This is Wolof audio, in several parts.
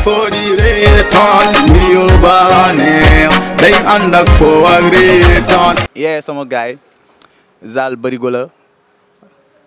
foo di reetaan nuyu baaneex day ànd ak foo ak yee sama gaay Zal Barigo la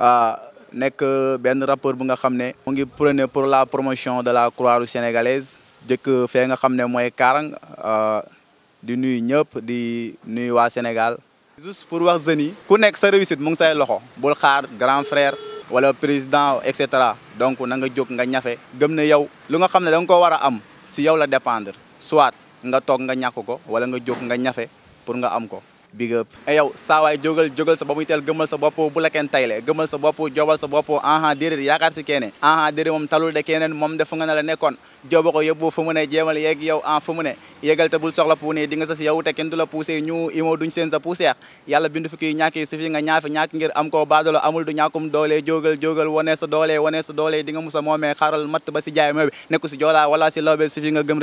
ah, nekk euh, benn rappeur bu nga xam ne mu ngi prôné pour la promotion de la Croix-Rouge sénégalaise jëkk fee nga xam ne mooy Karang euh, di nuyu ñëpp di nuyu waa Sénégal juste pour wax jeunes yi ku nekk sa réussite mu ngi say loxo bul xaar grand frère wala président et cetera donc na nga jóg nga ñafe gëm ne yow lu nga xam ne da nga ko war a am si yow la dépendre soit nga toog nga ñàkk ko wala nga jóg nga ñafe pour nga am ko big up yow saawaay jógal jógal sa ba muy teel gëmal sa bopp bu la kenn tayle gëmal sa bopp jobal sa bopp aha déedéet yaakaar si keneen aha déedéet moom talul de keneen moom defu nga ne la nekkoon jooba ko yóbbu fa mu ne jéemal yeeg yow en ah, fa mu ne yégal te bul soxla pou ne si yow te kenn du la poussé ñu imo duñ seen sa poussière yàlla bindu fi kii ñàkk nga ñaafi ñàkk ngir am koo baadolo amul du ñàkkum doole jógal jógal wane sa doole wane sa doole di nga musa moomee xaaral mat ba si jaay moo bi nekku si joolaa wala si lawbe su fi nga gëm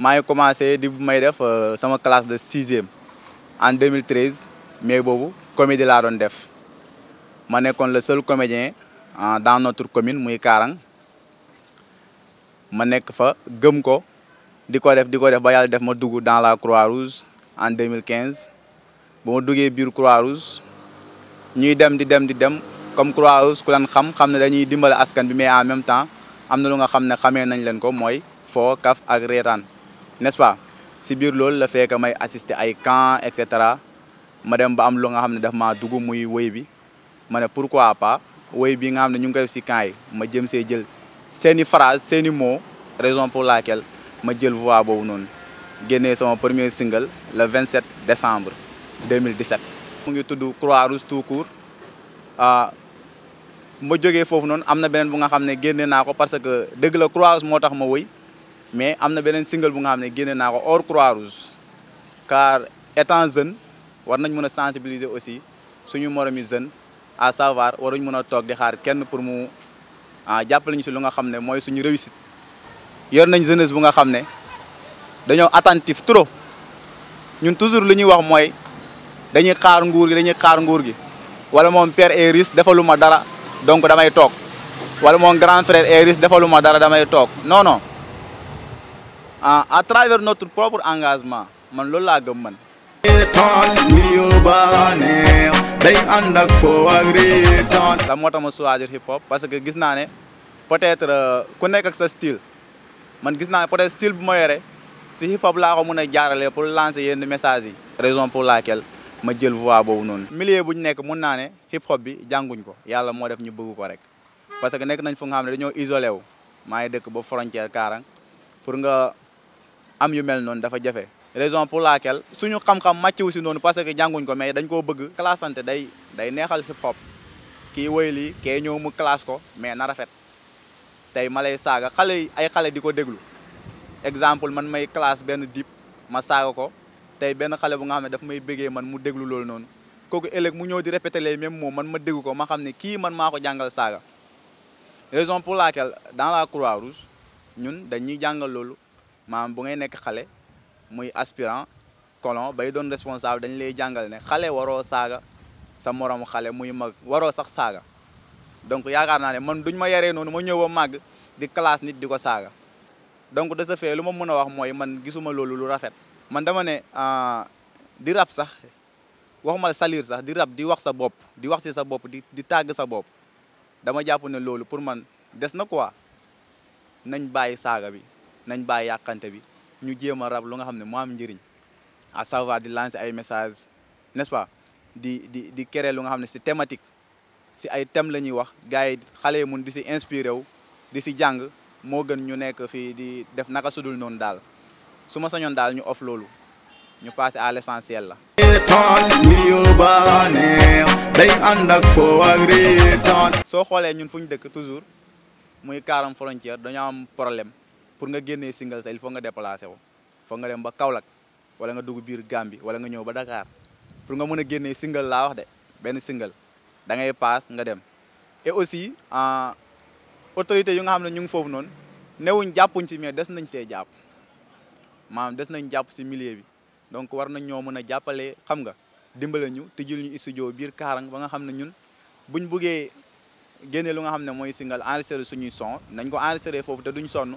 J'ai commencé di bu may def euh, sama classe de sixième en 2013 mais boobu comédie la doon def ma le seul comédien hein, dans notre commune muy Karang. ma nekk fa gëm ko diko def diko def ba yalla def ma dugg dans la Croix-Rouge en 2015 ba ma duggee Croix-Rouge ñuy dem di dem di dem comme Croix-Rouge ku lan xam xam ne dañuy dimbal askan bi mais en même temps am lu nga xam ne xamee nañ leen ko moy fo kaf ak reetaan n'est-ce pas si biir loolu la fekk may assister ay camp et cetera ma dem ba am lu nga xam ne daf ma dugg muy woy bi ma ne pourquoi pas woy bi nga xam ne ñu ngi koy si yi ma jëm see jël seeni i phrase seen i mots raison pour laquelle ma jël voix boobu noonu génnee sama premier single le 27 décembre 2017. mu ngi tudd Croix Rouge tout court ah, ma jógee foofu noonu am na beneen bu nga xam ne génnee naa ko parce que dëgg la Croix moo tax ma woy mais am na beneen single bu nga xam ne génne naa ko hors croix rouge car étant jeune war nañ mën a sensibiliser aussi suñu moromi jeune à savoir waruñ mën a toog di xaar kenn pour mu ah jàppale ñu si lu nga xam ne mooy suñu réussite. yor nañ jeunesse bu nga xam ne dañoo attentif trop ñun toujours li ñuy wax mooy dañuy xaar nguur gi dañuy xaar nguur gi wala moom père est riche defaluma dara donc damay toog wala moom grand frère est riche defaluma dara damay toog non à travers notre propre engagement man loolu laa gëm man. day ànd ak foo ak reetaan. da moo ta ma choisir hip hop parce que gis naa ne peut-être euh, ku nekk ak sa style man gis naa ne peut-être style bu ma yore si hip hop laa ko mun a jaarale pour lancer yenn message yi. raison pour laquelle ma jël voix boobu noonu. milieu bu nekk mun naa ne hip hop bi jànguñ ko yàlla moo def ñu bëggu ko rek parce que nekk nañ fu nga xam ne dañoo isolé wu maa ngi dëkk ba frontière Kaarang am yu mel noonu dafa jafe raison pour laquelle suñu xam-xam màcc wu si noonu parce que jànguñ ko mais dañ koo bëgg classante day day neexal hip hop kii woy lii kee ñëw mu classe ko mais na rafet tey ma lay saaga xale yi ay xale di ko déglu exemple man may classe benn dip ma saaga ko tey benn xale bu nga xam ne daf may bëggee man mu déglu loolu noonu kooku ëllëg mu ñëw di répéter les moom man ma dégg ko ma xam ne kii man maa ko jàngal saaga raison pour laquelle dans la ñun dañuy jàngal maam bu ngay nekk xale muy aspirant colon bay doon responsable dañ lay jàngal ne xale waroo saaga sa moroom xale muy mag waroo sax saaga donc yaakaar naa ne man duñ ma yaree noonu ma ñëw màgg di classe nit di ko saaga donc de ce lu ma mën a wax mooy man gisuma loolu lu rafet man dama ne ah, di rab sax waxuma salir sax di rab di wax sa bopp di wax si sa bopp di di tàgg sa bopp dama jàpp ne loolu pour man des na quoi nañ bàyyi saaga bi nañ bàyyi yàqante bi ñu jéem a rab lu nga xam ne moo am njëriñ à savoir di lancer ay messages n'est-ce pas di di di créer lu nga xam ne si thématique si ay thèmes la ñuy wax gars yi xale yi mun di si inspiré wu di si jàng moo gën ñu nekk fi di def naka sudul noonu daal su ma sañoon daal ñu off loolu ñu passé à l'essentiel la day ànd ak foo ak soo xoolee ñun fu ñu dëkk toujours muy kaaram frontière dañoo am problème pour nga génnee singal sa il faut nga déplacé wu foog nga dem ba Kaolack wala nga dugg biir Gambie wala nga ñëw ba dakaar pour nga mën a génnee singal laa wax de benn single dangay paas nga dem et aussi ah, autorité yu nga xam ne ñu ngi foofu noonu newuñ jàppuñ ci mais des nañ see jàpp maanaam des nañ jàpp ci milieu bi donc war nañ ñoo mën a jàppale xam nga dimbale ñu tijjul ñu studio biir Kaarang ba nga xam ne ñun buñ buggee génne lu nga xam ne mooy singal enregistré suñuy son nañ ko enregistré foofu te du ñu sonn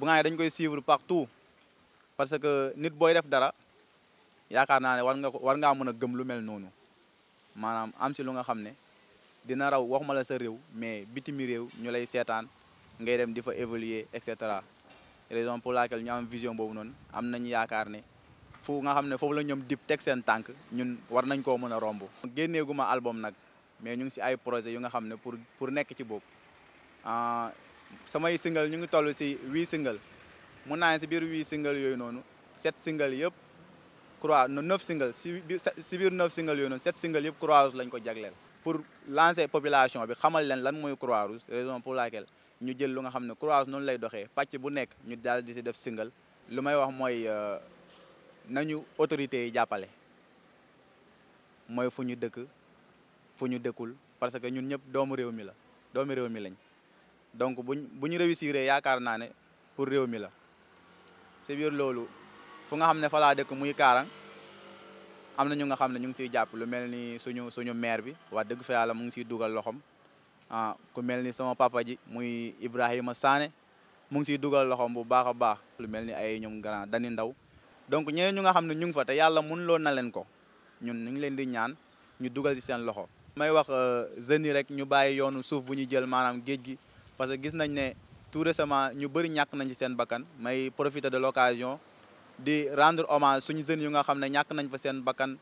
bu nga ne dañ koy suivre partout parce que nit booy def dara yaakaar naa ne war nga ko war ngaa mën a gëm lu mel noonu maanaam am si lu nga xam ne dina raw waxuma la sa réew mais bitim réew ñu lay seetaan ngay dem di fa évoluer et cetera raison pour laquelle ñu am vision boobu noonu am nañu yaakaar ne fu nga xam ne foofu la ñoom dip teg seen tànk ñun war nañ koo mën a romb. génneeguma album nag mais ñu ngi si ay projet yu nga xam ne pour pour nekk ci boobu ah, samay single ñu ngi toll si huit single mun naa ne si biir huit single yooyu noonu sept single yëpp croix neuf single si biir si biir neuf single yooyu noonu sept single yëpp croix lañ ko jagleel. pour lancer population bi xamal leen lan mooy croix rouge raison pour laquelle ñu jël lu nga xam ne croix noonu lay doxee pàcc bu nekk ñu daal di si def single lu may wax mooy euh, nañu autorités yi jàppale mooy fu ñu dëkk fu ñu dëkkul parce que ñun ñëpp doomu réew mi la doomu réew mi lañ. donc buñ bu ñu réussir yaakaar naa ne pour réew mi la si biir loolu fu nga xam ne falaa dëkk muy Kaarang am na ñu nga xam ne ñu ngi siy jàpp lu mel ni suñu suñu maire bi wax dëgg fa yàlla mu ngi siy dugal loxom a ah, ku mel ni sama papa ji muy Ibrahima saane mu ngi siy dugal loxom bu baax a baax lu mel ni ay ñoom grand dani ndaw donc ñeen ñu nga xam ne ñu ngi fa te yàlla mun loon na leen ko ñun ñu ngi leen di ñaan ñu dugal ci seen loxo. may wax euh, jeunes rek ñu bàyyi yoonu suuf bu ñu jël maanaam géej gi. parce que gis nañ ne tout récemment ñu bëri ñàkk nañ ci seen bakkan may profiter de l'occasion di rendre hommage suñu jeunes yu nga xam ne ñàkk nañ fa seen bakkan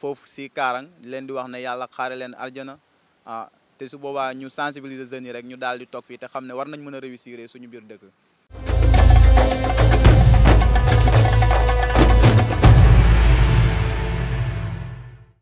foofu si Kaarang leen di wax ne yàlla xaare leen arjana ah te su boobaa ñu sensibiliser jeunes yi rek ñu daal di toog fii te xam ne war nañ mën a réussir suñu biir dëkk.